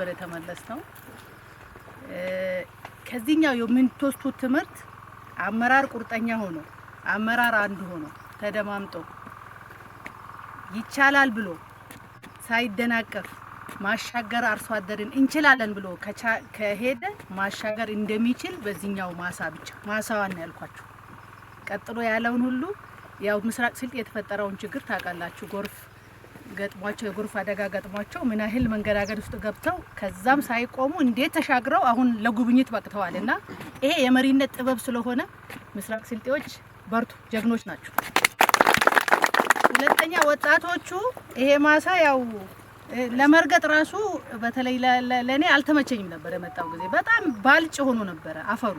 ነበር የተመለስ ነው። ከዚህኛው የምንትወስቱ ትምህርት አመራር ቁርጠኛ ሆኖ አመራር አንድ ሆኖ ተደማምጦ ይቻላል ብሎ ሳይደናቀፍ ማሻገር አርሶ አደርን እንችላለን ብሎ ከሄደ ማሻገር እንደሚችል በዚህኛው ማሳ ብቻ ማሳዋን ያልኳችሁ። ቀጥሎ ያለውን ሁሉ ያው ምስራቅ ስልጥ የተፈጠረውን ችግር ታውቃላችሁ። ጎርፍ ገጥሟቸው የጎርፍ አደጋ ገጥሟቸው ምን ያህል መንገዳገድ ውስጥ ገብተው ከዛም ሳይቆሙ እንዴት ተሻግረው አሁን ለጉብኝት በቅተዋል። እና ይሄ የመሪነት ጥበብ ስለሆነ ምስራቅ ስልጤዎች በርቱ፣ ጀግኖች ናቸው። ሁለተኛ ወጣቶቹ ይሄ ማሳ ያው ለመርገጥ ራሱ በተለይ ለእኔ አልተመቸኝም ነበር። የመጣው ጊዜ በጣም ባልጭ ሆኖ ነበረ አፈሩ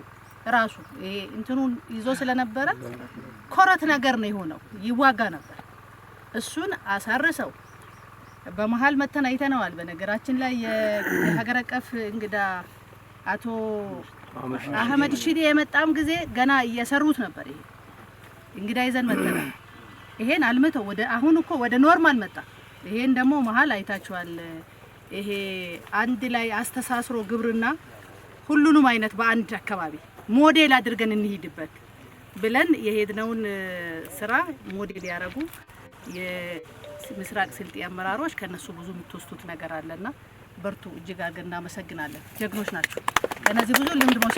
ራሱ ይሄ እንትኑን ይዞ ስለነበረ ኮረት ነገር ነው የሆነው። ይዋጋ ነበር እሱን አሳርሰው በመሀል መተን አይተነዋል። በነገራችን ላይ የሀገር አቀፍ እንግዳ አቶ አህመድ ሺዴ የመጣም ጊዜ ገና እየሰሩት ነበር። ይሄ እንግዳ ይዘን መተናል። ይሄን አልምተው ወደ አሁን እኮ ወደ ኖርማል መጣ። ይሄን ደግሞ መሀል አይታችኋል። ይሄ አንድ ላይ አስተሳስሮ ግብርና ሁሉንም አይነት በአንድ አካባቢ ሞዴል አድርገን እንሂድበት ብለን የሄድነውን ስራ ሞዴል ያደረጉ የምስራቅ ስልጤ አመራሮች ከነሱ ብዙ የምትወስዱት ነገር አለና በርቱ። እጅግ አድርገን እናመሰግናለን። ጀግኖች ናቸው። ከነዚህ ብዙ ልምድ መውሰድ